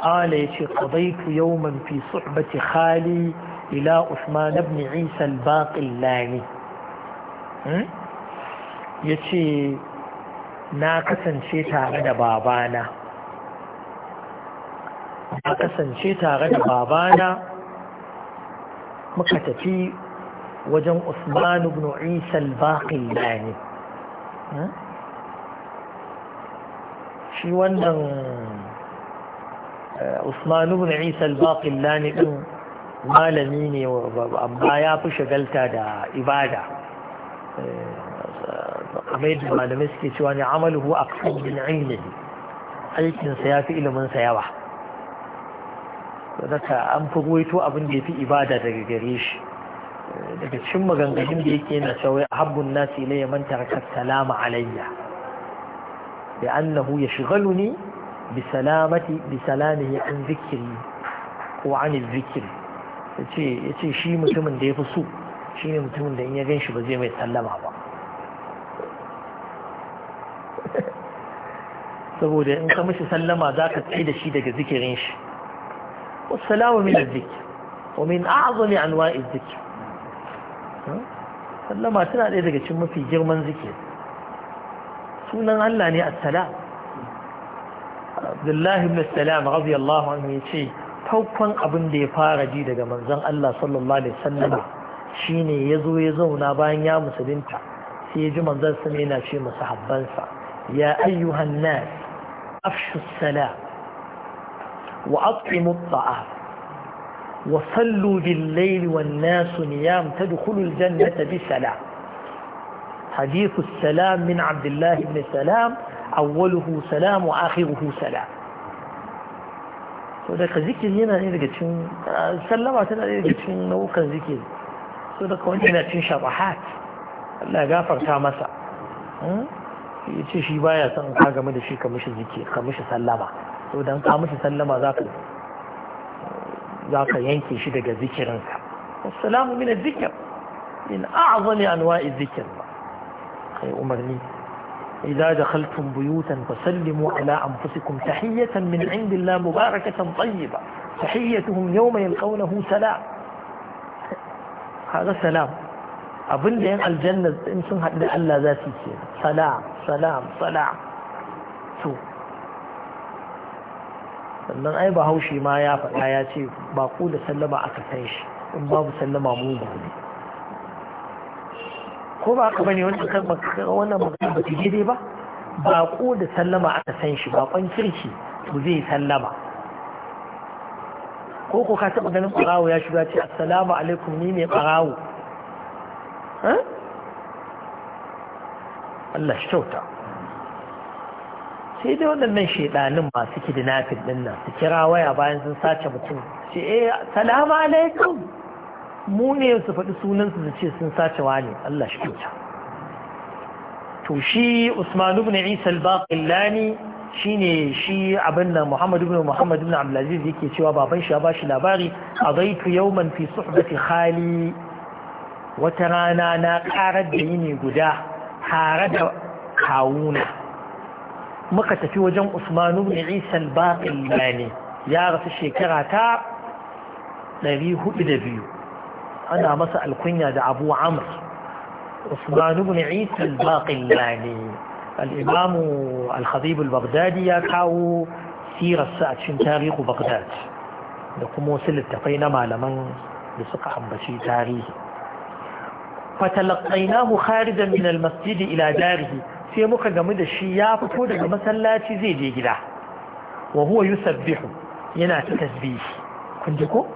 qala yace qadaytu yawman fi suhbati khali ila Uthman ibn Isa al-Baqillani hmm? yace na kasance tare da babana na kasance tare da babana muka tafi wajen Usman ibn Isa al-Baqillani shi wannan eh, Usman ibn Isa al-Baqillani din malami ne amma ya fi shagalta da ibada eh, kamar yadda malamai suke cewa ne amaluhu aqsam min ilmihi aikinsa ya fi iliminsa yawa daga an fi ruwaito abin da ya fi ibada daga gare shi daga cikin maganganun da yake yana cewa habbun nasi ya manta taraka salama alayya bi annahu yashghaluni bi salamati bi salamihi an zikri ko an zikri yace yace shi mutumin da ya fi so shine mutumin da in ya gan shi ba zai mai sallama ba saboda in ka mishi sallama za ka tsaye da shi daga zikirin shi والسلام من الذكر ومن أعظم أنواع الذكر sallama tana ɗaya daga cikin mafi girman zikir sunan Allah ne assalam Abdullahi ibn Salam radiyallahu anhu ya ce farkon abin da ya fara ji daga manzon Allah sallallahu alaihi wasallam shine ya zo ya zauna bayan ya musulunta sai ya ji manzon sama yana ce masa habbansa ya ayyuhan nas afshu وأطعموا الطعام وصلوا بالليل والناس نيام تدخلوا الجنة بسلام حديث السلام من عبد الله بن سلام أوله سلام وآخره سلام so daga zikiri yana ne daga cin sallama tana ne daga cin nau'ukan zikiri so daga wani yana cin shabahat Allah ya gafarta masa ya ce shi baya son ka game da shi ka mishi zikiri ka mishi sallama to don kamusa sallama za ka yanke shi daga zikirinka assalamu mina zikir in a'azami anwa'i zikir ba kai umarni idza dakhaltum buyutan fasallimu ala anfusikum tahiyatan min indillahi mubarakatan tayyiba tahiyatuhum yawma yalqawnahu salam hada salam abinda yan aljanna in sun da Allah za su ce salam salam salam to sannan ai ba haushi ma ya faɗa ya ce ba ku da sallama aka san shi in babu sallama mu ba ne ko ba ka bane wani kan wannan magana ba ta daidai ba ba ku da sallama aka san shi ba kwan kirki to zai sallama ko ko ka taɓa ganin ɓarawo ya shiga ce assalamu alaikum ni ne ɓarawo Allah shi kyauta sai dai waɗannan shaidanin masu kidnapping ɗin nan su kira waya bayan sun sace mutum ce eh salamu alaikum mu ne su faɗi sunan su ce sun sace wani Allah shi kyauta to shi Usman ibn Isa al-Baqillani shine shi abin nan Muhammad ibn Muhammad ibn Abdulaziz yake cewa baban shi ya bashi labari adaitu yawman fi suhbati khali wata rana na karar da yini guda tare da kawuna muka tafi wajen usmanu bin isa al ya rasu shekara ta 402 ana masa alkunya da abu amr usmanu bin isa al-baqillani al-imam al al-baghdadi ya kawo sirarsa a cikin tarihu baghdad da kuma wasu littafai na malaman da suka ambaci tarihi fatalaqainahu kharijan min al-masjid ila darihi sai muka gamu da shi ya fito daga masallaci zai je gida wa huwa yusabbihu yana ta tasbihi kun ji ko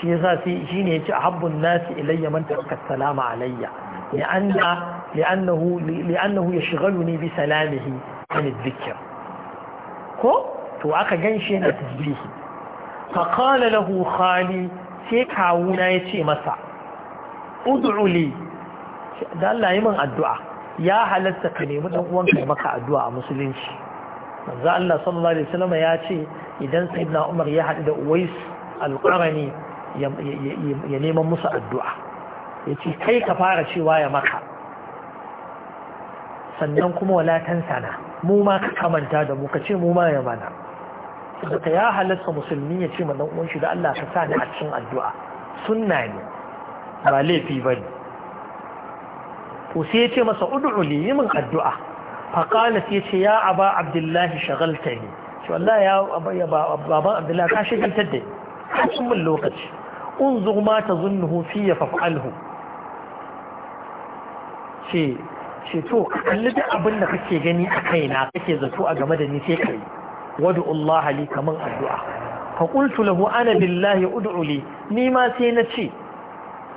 shi yasa sai shine yace ahabbun nasi ilayya man taraka salama alayya li'anna li'annahu li'annahu yashghaluni bi salamihi an dhikr ko to aka gaishe yana tasbihi fa qala lahu khali sai kawuna yace masa ud'u li da Allah yi min addu'a ya halatta ka nemi dan uwanka ya maka addu'a a musulunci manzo Allah sallallahu alaihi wasallam ya ce idan sayyidina Umar ya haɗu da Uwais al-Qarani ya neman musu addu'a yace kai ka fara cewa ya maka sannan kuma wala tansana mu ma ka kamanta da mu ka ce mu ma ya mana saboda ya halatta musulmi ya ce ma dan uwan shi da Allah ka sa ni a cikin addu'a sunna ne ba laifi bane to sai ya ce masa ud'u li min addu'a fa qala sai ce ya aba abdullahi shagaltani shi wallahi ya baban abdullahi ka shagaltar da ka cin min lokaci unzur ma tazunnuhu fi fa'alhu ce ce to kalli duk abin da kake gani a kaina kake zato a game da ni sai kai wadu Allah li kaman addu'a fa qultu lahu ana billahi ud'u li ni ma sai na ce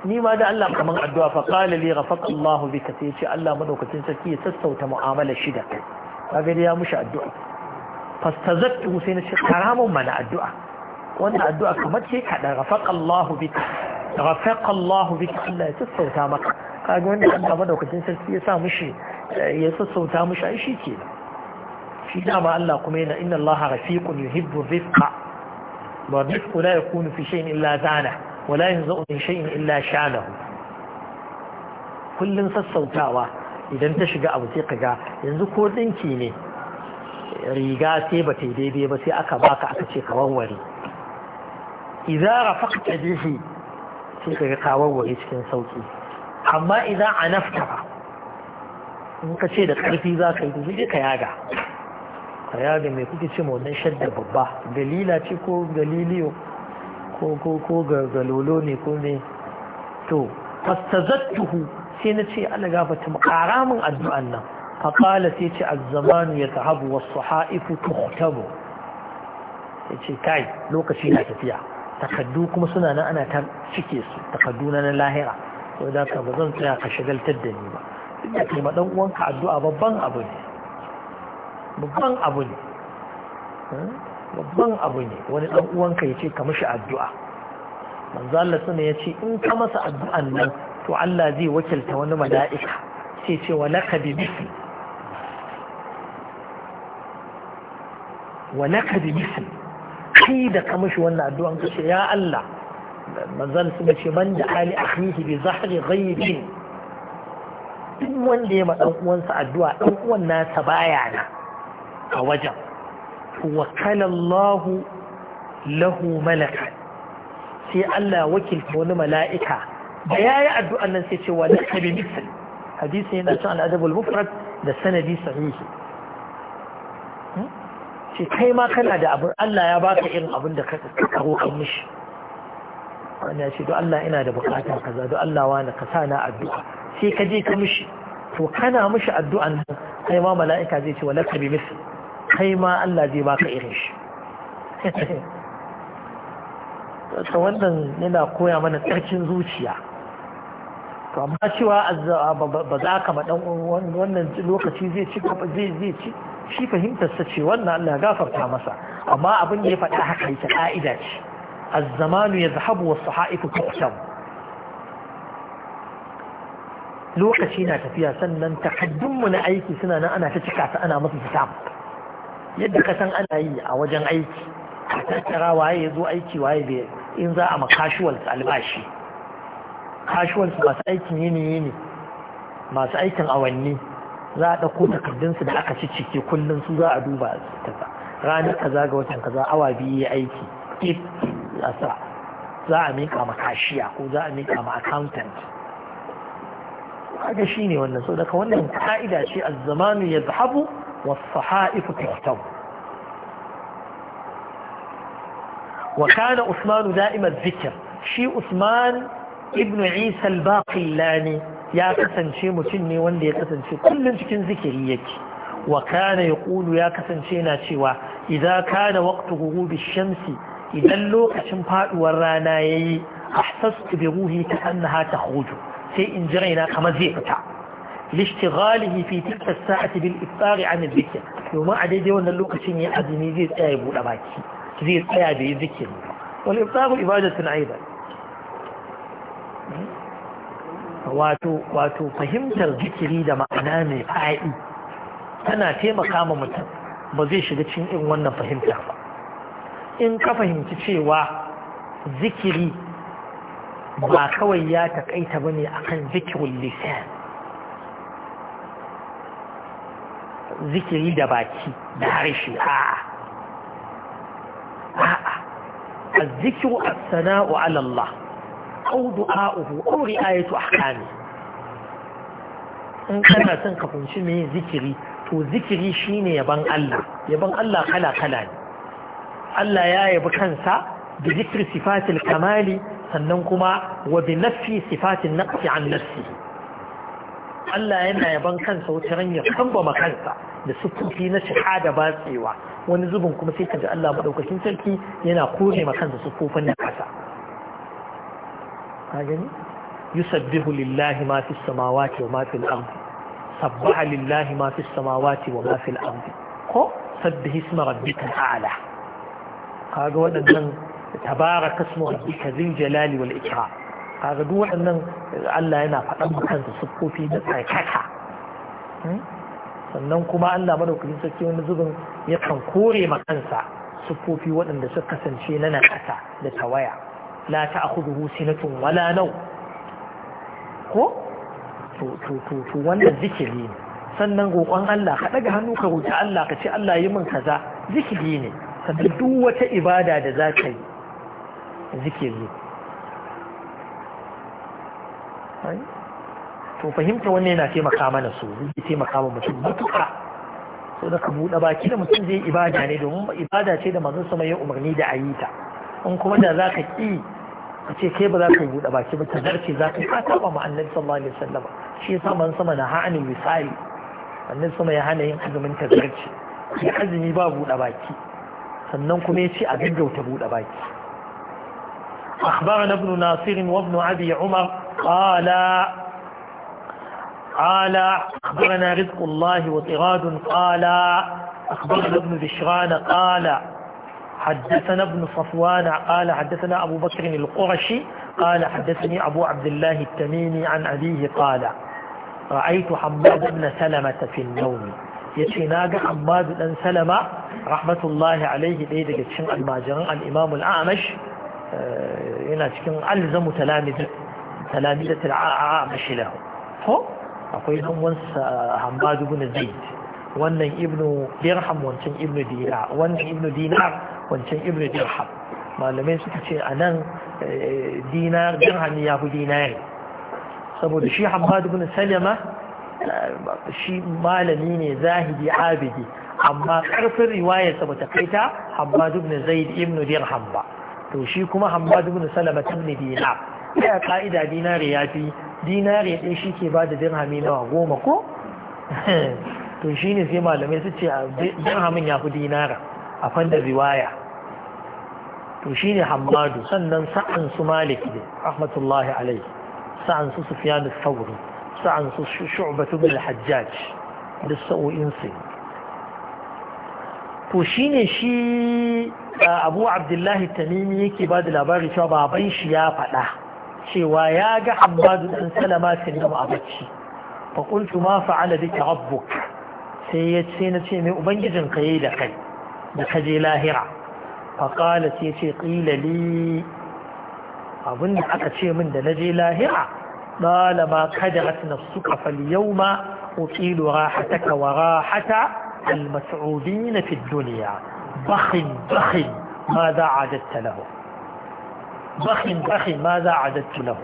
ni ma da Allah kaman addu'a fa qala li ghafaqa Allah bika sai ce Allah madaukakin sarki ya sassauta mu'amala shida. da kai kaga ya mushi addu'a fastazattu sai na ce haramun mana addu'a wannan addu'a kamar ce ka da ghafaqa Allah bika ghafaqa Allah bika Allah ya sassauta maka kaga wanda Allah madaukakin sarki ya sa mushi eh, ya sassauta mushi ai shi ke shi dama Allah kuma yana inna Allah rafiqun yuhibbu rifqa wa rifqu la yakunu fi shay'in illa zana wala yanzu min shay'in illa shanahu Kullum sassautawa idan ta shiga abu sai kaga yanzu ko dinki ne riga sai ba ta daidai ba sai aka baka aka ce ka warware idza rafaqta bihi sai kaga ka warware cikin sauki amma idan anafta ba in ka ce da karfi za ka yi to sai ka yaga ka yaga mai kuke ce ma wannan shadda babba dalila ce ko galiliyo ko ga lolo ne ko ne to fastazattuhu sai na ce ana gafata makara min addu'an nan faƙala sai ce azzamanu ya tahabu wasu sahaifu tuhtabu ya ce kai lokaci na tafiya takaddu kuma suna nan ana ta cike su takaddu na na lahira sau da ka ba zan tsaya ka shagaltar da ni ba duk da maɗan uwanka addu'a babban abu ne babban abu ne hmm? babban abu ne wani ɗan uwanka ya ce ka mashi addu'a manzo Allah sama ya ce in ka masa addu'an nan to Allah zai wakilta wani mala'ika sai ce wa laka bi wa laka bi kai da ka mashi wannan addu'an ka ce ya Allah manzo Allah sama ce man da ali akhihi bi zahri ghaibin duk wanda ya ma dan uwansa addu'a dan uwan nasa baya na a wajen وكل الله له ملكا سي الله وكل كون ملائكة بيا يأدو أن نسيتي ولك بمثل حديث هنا شأن الأدب المفرد ده دي صحيح ce kai ma kana da abin Allah ya baka irin abin da ka roƙa mishi wani ya ce Allah ina da bukata kaza don Allah wani ka sa addu'a sai ka je ka to kana mishi addu'an nan kai ma mala'ika zai ce kai ma Allah zai baka irin shi ta wannan yana koya mana tsarkin zuciya to amma cewa ba za ka ma dan wannan lokaci zai ci zai zai ci shi fahimtar sa ce wannan Allah gafarta masa amma abin da ya faɗa haka yake ka'ida ce az-zamanu yazhabu was-saha'ifu tuksham lokaci na tafiya sannan takaddunmu na aiki suna nan ana ta cika ta ana musu hisabu yadda ka san ana yi a wajen aiki a tattara waye ya zo aiki waye bai in za a ma casuals albashi casuals masu aikin yini yini masu aikin awanni za a ɗauko su da aka ci cike kullum su za a duba ranar kaza ga watan kaza awa biyu ya aiki if a sa za a mika ma kashiya ko za a mika ma accountant kaga shine wannan so daga wannan ka'ida ce az-zamanu yadhhabu والصحائف تحتوى وكان عثمان دائم الذكر شي عثمان ابن عيسى الباقلاني يا كسن شي متني وندي يا كسن شي كل cikin zikiri yake وكان يقول يا كسن شي نا cewa idza kana waqtu ghurub ash idan lokacin faduwar rana yayi ahsastu bi ruhi ka annaha takhruju sai in kamar zai fita لاشتغاله في تلك الساعة بالإفطار عن الذكر وما عدد أن اللوك شنيا أدن يزيد آيب الأباكي يزيد آيب الذكر والإفتار إبادة أيضا واتو فهمت الذكر إذا ما أنا مفاعي أنا في مقام متن بزيش لتشين إن وانا فهمت إن كفهمت شيء ذكري ba kawai ya takaita bane akan zikirul lisan zikiri da baki da harshe a'a a الذكر الثناء على الله أو دعاؤه أو رعاية أحكامه in kana son ka fahimci me zikiri to zikiri shine yaban Allah yaban Allah kala kala ne Allah ya yabi kansa da zikri sifatil kamali sannan kuma wa bi nafi sifatin naqsi an Allah yana yaban kansa wata ranya kangwama makansa da sukufi na cika da batsewa wani zubin kuma sai ka ji Allah maɗaukakin sarki yana kore makansa su sukufin na kasa ka gani yusabbihu lillahi ma fi samawati wa ma fi al sabbaha lillahi ma fi samawati wa ma fi al-ardi ko sabbihi isma rabbikal a'la ga waɗannan tabaraka ismu rabbika dhil jalali wal ikram kaga duk waɗannan Allah yana faɗan kansa sufofi na tsakaka hmm? sannan kuma Allah madaukakin sarki wani zubin yakan kore ma kansa waɗanda suka kasance na nakasa da tawaya la ta'khudhuhu sinatun wala naw ko to to to to wannan zikiri ne sannan roƙon Allah ka daga hannu ka roƙi Allah ka ce Allah yi min kaza zikiri ne sannan duk wata ibada da za ka yi zikiri ne to fahimta wannan yana taimaka mana su zai taimaka wa mutum matuƙa so da ka buɗe baki da mutum zai ibada ne domin ibada ce da manzon sama ya umarni da ayi ta in kuma da za ka ƙi ka ce kai ba za ka buɗe baki ba ta zarce za ka ka ma annabi sallallahu alaihi wasallam shi yasa manzon sama na ha'anin misali annabi sama ya hana yin azumin ta zarce ya azumi ba buɗe baki sannan kuma ya ce a gaggauta buɗe baki أخبرنا ابن ناصر وابن أبي عمر قال قال أخبرنا رزق الله وطراد قال أخبرنا ابن بشران قال حدثنا ابن صفوان قال حدثنا أبو بكر القرشي قال حدثني أبو عبد الله التميمي عن أبيه قال رأيت حماد بن سلمة في النوم يتناقى حماد بن سلمة رحمة الله عليه ليه دقيت شن الماجران الإمام الأعمش آه، هنا ألزم تلامذه تلاميذة العامش له هو أقول لهم ونس همباد بن زيد وانا ابن درحم وانا ابن دينار وانا ابن دينار وانا ابن درحم ما لم يسكت أنا دينار درهم ياهو دينار سبب الشيء همباد بن سلمة shi ما لنيني زاهدي عابدي amma karfin riwayarsa ba ta kai ta hamadu ibn zaid ibn dirham ba to shi kuma hamadu ibn salama ibn dinar Iya ka'ida dinari ya fi dinari ɗin shi ke ba da dirhami nawa goma ko to shi ne sai malamai su ce dirhamin ya fi dinara a fanda riwaya to shi ne hamadu sannan sa'an su malik ne rahmatullahi alai sa'an su sufyan sauri sa'an su shu'batu bil hajjaj da sa'o'in su to shi ne shi abu abdullahi tamimi yake ba da labari cewa baban shi ya faɗa شي وياك حماد ان سلمات انما فقلت ما فعل بك ربك سيد سيد سيد من ابنجز قيل قي بخجي لاهرة هرع فقال سيد قيل لي أظن حقا شي من دنجي لا هرع قال ما كدرت نفسك فاليوم اطيل راحتك وراحة المسعودين في الدنيا بخن بخن ماذا عددت لهم bakin bakin ma za a dattu lahu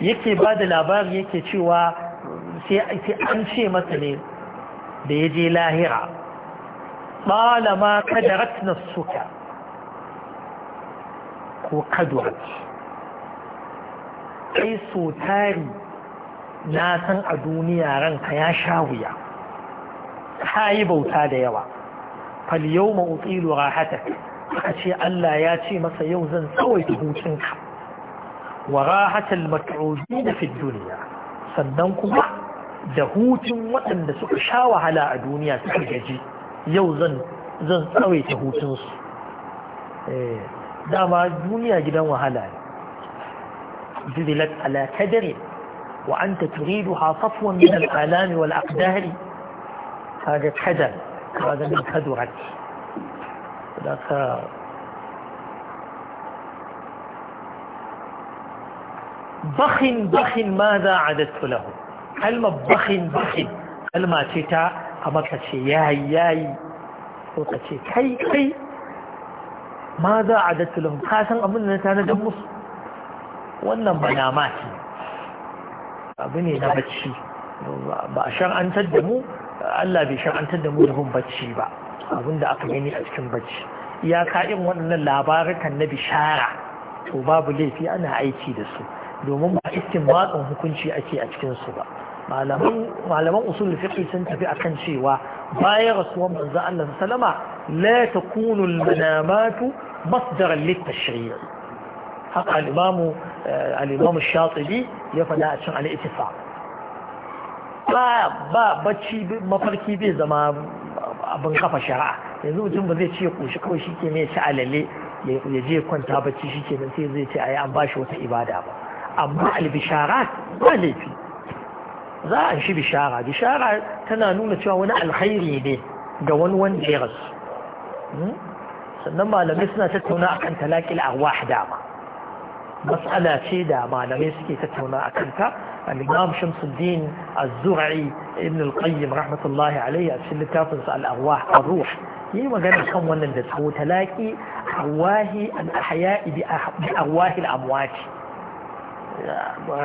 yake ba da labari yake cewa sai an ce masa ne da ya je lahira Malama kadarat na suka ko kadurat kai so tari na san a duniya ranka ya sha wuya ka yi bauta da yawa فاليوم أطيل راحتك aka ce Allah ya ce masa yau zan tsawaita hutunka wa rahatal mat'udin fi duniya sannan kuma da hutun waɗanda suka sha wahala a duniya suka gaji yau zan zan tsawaita hutunsu eh dama duniya gidan wahala ne jubilat ala kadari wa anta Turidu safwan min al-alami wal aqdari kaga kadar kaga min kadurat da ka bakhin ma za a dattu lahu kalmar bakhin bakhin kalma ce ta a maka ce yayi yayi ko ka ce kai kai ma za a dattu lahu ka san abin da ta na dan musu wannan ba na maki abu ne na bacci ba a shar'antar da mu Allah bai shar'antar da mu da hun bacci ba Abunda aka gani a cikin bacci iyaka in waɗannan labarukan na bishara to babu laifi ana aiki da su domin ba istinbatsin hukunci ake a cikin su ba malaman usul fiqh sun tafi akan cewa bayan rasuwan manzo Allah sallama la takunu al-manamatu masdaran litashri' haka al-imamu eh, al-imamu shatibi ya fada a cikin al-ittifaq ba ba bacci mafarki bai zama abin kafa shari'a yanzu mutum ba zai ce kushi kawai shi ke mai ci alale ya je kwanta bacci shi ke sai zai ce ayi an ba shi wata ibada ba amma albishara ba laifi za a shi bishara bishara tana nuna cewa wani alkhairi ne ga wani wanda ya hmm? sannan malamai suna tattauna akan talakil arwah dama matsala ce da malamai suke tattauna a kanta al-imam shamsuddin az-zur'i ibn al-qayyim rahmatullahi alayhi a cikin littafin sa al-arwah ar-ruh magana kan wannan da tsawo talaki arwahi al-ahya'i ah, bi arwahi al-amwat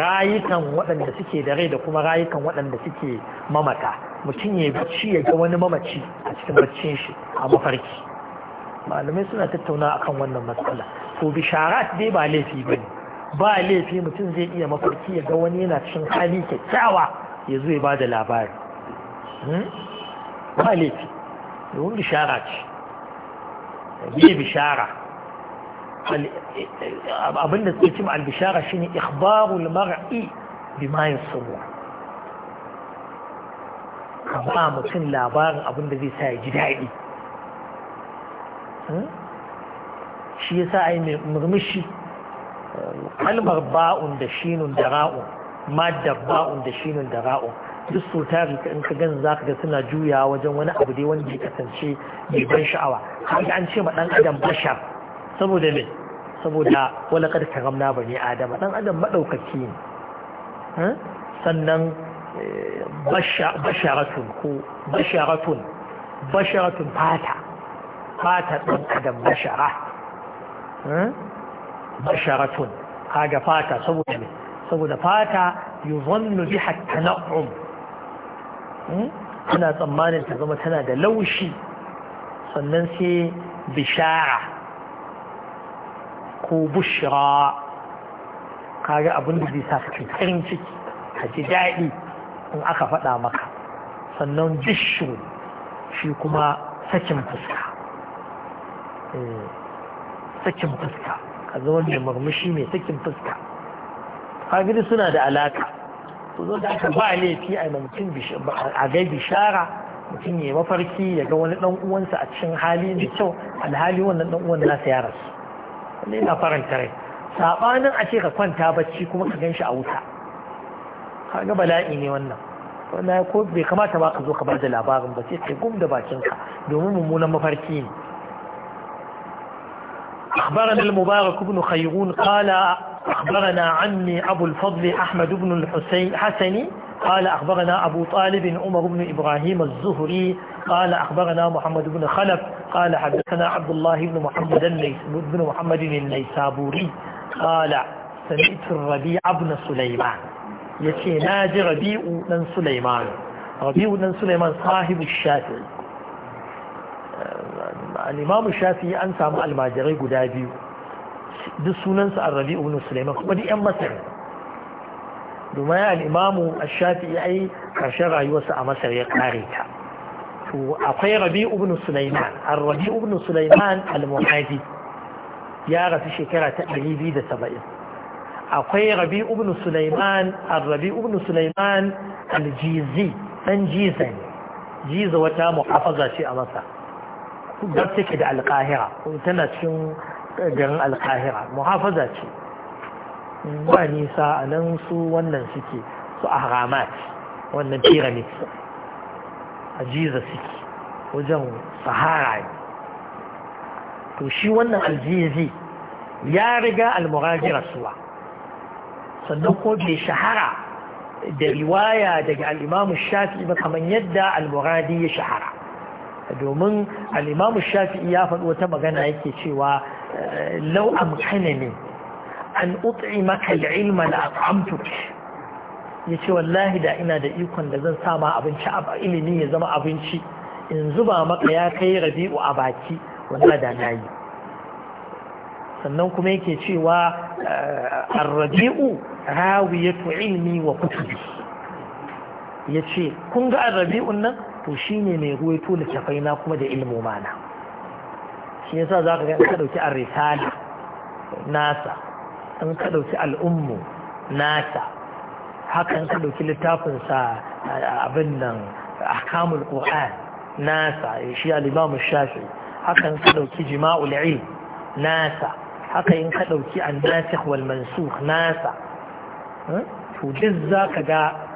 rayukan waɗanda suke da rai da kuma rayukan waɗanda suke mamata mutum ya bacci ya ga wani mamaci a cikin baccin shi a mafarki malamai suna tattauna akan wannan matsala to bisharat dai ba laifi ba ne ba laifi mutum zai iya mafarki ya ga wani yana cikin hali kyakkyawa ya zo ya ba da labari hmm? ba laifi domin bishara ce yi bishara e, e, abinda suke cin albishara shine ikhbarul mar'i bima yasmu ka ba mutum labarin da zai sa ya ji daɗi hmm? shi sa ai mai murmushi kalmar ba'un da shinun da ra'un Madar ba'un da shinun da ra'un duk sau tari in ka gan za ka ga suna juyawa wajen wani abu dai wanda ya kasance mai ban sha'awa har an ce ma dan adam bashar saboda me saboda wala kad karamna bani adam dan adam madaukaki ne sannan eh, basharatun ko basharatun basharatun fata fata dan adam bashara basharatun kaga fata saboda ne saboda fata yuzannu biha tan'um tana tsammanin ta zama tana da laushi sannan sai bishara ko bushra kaga abin da zai sa ka ciki ka ji daɗi in aka faɗa maka sannan dishu shi kuma sakin fuska sakin fuska ka zama mai murmushi mai sakin fuska kagiri suna da alaka to zo da aka ba laifi a mutum a bishara mutum ya mafarki ya ga wani dan uwansa a cikin hali mai kyau alhali wannan dan uwan nasa ya rasu wanda yana faranta rai sabanin a ce ka kwanta bacci kuma ka gan shi a wuta kaga bala'i ne wannan wannan ko bai kamata ba ka zo ka bar da labarin ba sai kai gum da bakinka domin mummunan mafarki ne أخبرنا المبارك بن خيرون قال أخبرنا عني أبو الفضل أحمد بن الحسين حسني قال أخبرنا أبو طالب عمر بن إبراهيم الزهري قال أخبرنا محمد بن خلف قال حدثنا عبد الله بن محمد بن محمد النيسابوري قال سمعت الربيع بن سليمان يتي ربيع بن سليمان ربيع بن سليمان صاحب الشافعي al'imamu shafi an samu almajirai guda biyu duk sunansu an rabi ibn sulaiman kuma duk yan masar domin al'imamu shafi ya yi karshen rayuwarsa a masar ya kare ta to akwai rabi ibn sulaiman an rabi ibn sulaiman al-muhadi ya rasu shekara ta 270 akwai rabi ibn sulaiman an rabi ibn sulaiman al-jizi dan jiza ne jiza wata muhafaza ce a masa gab take da alƙahira tana cikin garin alƙahira muhafaza ce ba nisa a nan su wannan suke su a ramat, wannan pyramid a jiza suke wajen sahara ne to shi wannan aljizi ya riga almuradi suwa sannan ko bai shahara da riwaya daga al'imamu shafi ba kamar yadda almuradi ya shahara domin al'imamu shafi'i ya faɗi wata magana yake cewa eh, lau ne an utsi maka ilma la amtuk ya ce wallahi da ina da ikon da zan sama abinci a ilimi ya zama abinci in zuba maka ya kai rabi'u a baki wanda da na yi sannan kuma yake cewa eh, arrabi'u rawiyatu ilmi wa kutubi ya ce kun ga arrabi'un nan to ne mai ruwaito littafai na kuma da ilmu mana shi yasa za ka ga ka ɗauki ar-risala nasa in ka ɗauki al'ummu nasa hakan ka ɗauki littafinsa abin nan ahkamul qur'an nasa shi al-imam shafi hakan ka ɗauki jima'ul ilm nasa haka in ka ɗauki an-nasikh wal mansukh nasa hmm, to duk za ka ga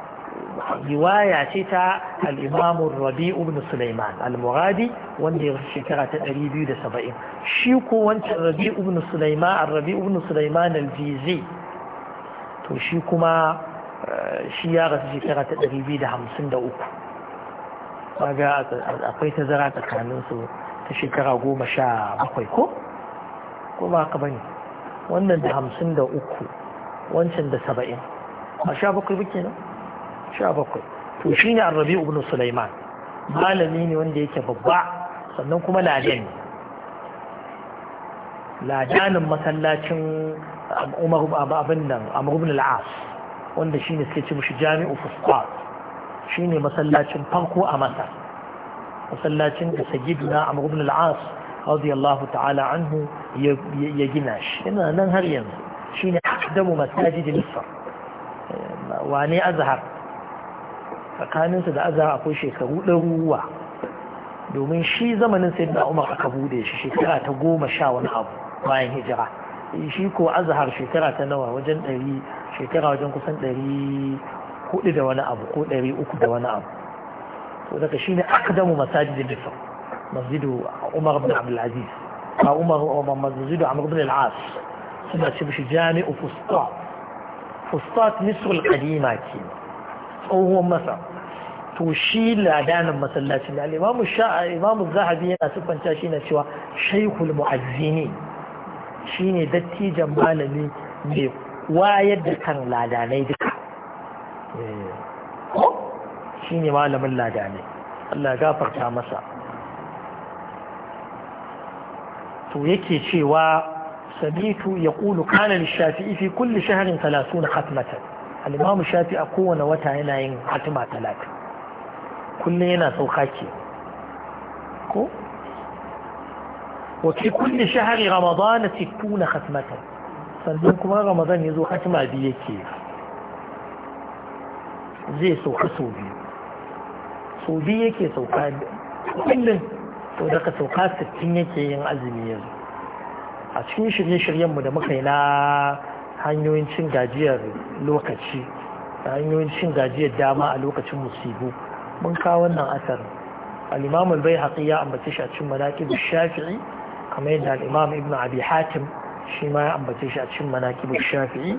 riwaya ce ta al'imamun Rabi ibn Sulaiman al-Muradi wanda ya shekara ta 270 shi ko wancan Rabi ibn Sulaiman al rabi ibn Sulaiman al-Jizi to shi kuma eh, shi ya rasu shekara ta 253 ga akwai tazara tsakanin su ta shekara goma sha bakwai ko ko ba ka bane wannan da hamsin da uku wancan da saba'in a sha bakwai ba nan. sha bakwai to shi ne arrabi ibn sulaiman malami ne wanda yake babba sannan kuma ladan ne ladanin masallacin umar abin nan amr ibn al-as wanda shine suke ce mushi jami'u fusqat shine masallacin farko a masar masallacin da sayyiduna na ibn al radiyallahu ta'ala anhu ya gina shi yana nan har yanzu shine akdamu masajid misr eh, wane azhar tsakaninsa da azara akwai shekaru ɗaruwa domin shi zamanin sai da umar aka bude shi shekara ta goma sha wani abu bayan hijira shi ko azhar shekara ta nawa wajen ɗari shekara wajen kusan ɗari hudu da wani abu ko ɗari uku da wani abu to daga shi ne aka akadamu masajid da sau masjidu umar bin abdulaziz a umar masjidu amur bin al al'as suna ce mishi jami'u fustat fustat misrul kadima ke tsohon masar تشيل لأدانا مثل الله سبحانه الإمام, الشا... الإمام الزهبي أسفن تشينا شوى شيخ المؤذنين شيني دتي جمال لي لي وايد كان لا داني دكا شيني ما لم لا داني الله غافر تامسا تو يكي شوى سميت يقول كان للشافعي في كل شهر ثلاثون ختمة الإمام الشافعي أقوى نوتا هنا ختمة ثلاثة Kunne yana sauka ke ko wafi kulle shahari ramadana sittuna khatmatan sannan kuma ramadan ya zo hatima biyu yake zai sauka sau biyu sau biyu yake sauka kullum sau daga sauka sittin yake yin azumi yanzu a cikin shirye-shiryenmu da muka yi na hanyoyin cin gajiyar lokaci hanyoyin cin gajiyar dama a lokacin musibu mun kawo wannan asar al-imam al ya ambace shi a cikin manaqib shafi'i kamar yadda al-imam ibn abi hatim shi ma ya ambace shi a cikin manaqib shafi'i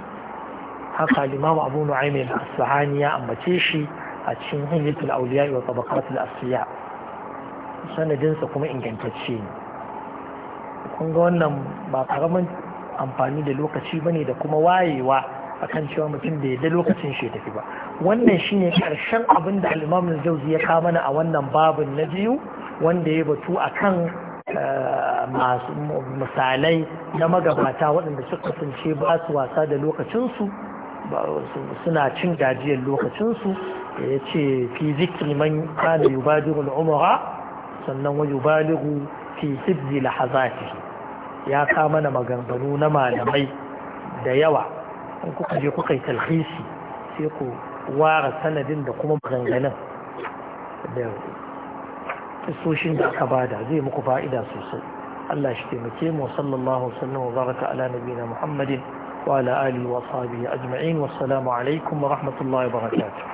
haka al-imam abu nu'aym al-asfahani ya ambace shi a cikin hilyatul awliya wa tabaqat al-asfiya sanadinsa kuma ingantacce ne kun ga wannan ba karamin amfani da lokaci bane da kuma wayewa akan cewa mutum ya da lokacin shi tafi ba wannan shine karshen abin da alimamin zauzi ya kama mana a wannan babin na biyu wanda ya batu akan eh, masu misalai na magabata waɗanda suka kasance ba su wasa da lokacinsu suna cin gajiyar lokacinsu ya ce fi zikri man kana yubadiru al'umara sannan wa yubaligu fi hibzi lahazatihi ya kama na maganganu na malamai da yawa in kuka je kuka yi talhisi sai ku ware sanadin da kuma maganganan da isoshin da aka bada zai muku fa'ida sosai Allah shi taimake mu sallallahu sallam wa baraka ala nabiyina Muhammadin wa ala alihi wa sahbihi ajma'in wassalamu alaikum wa rahmatullahi wa barakatuh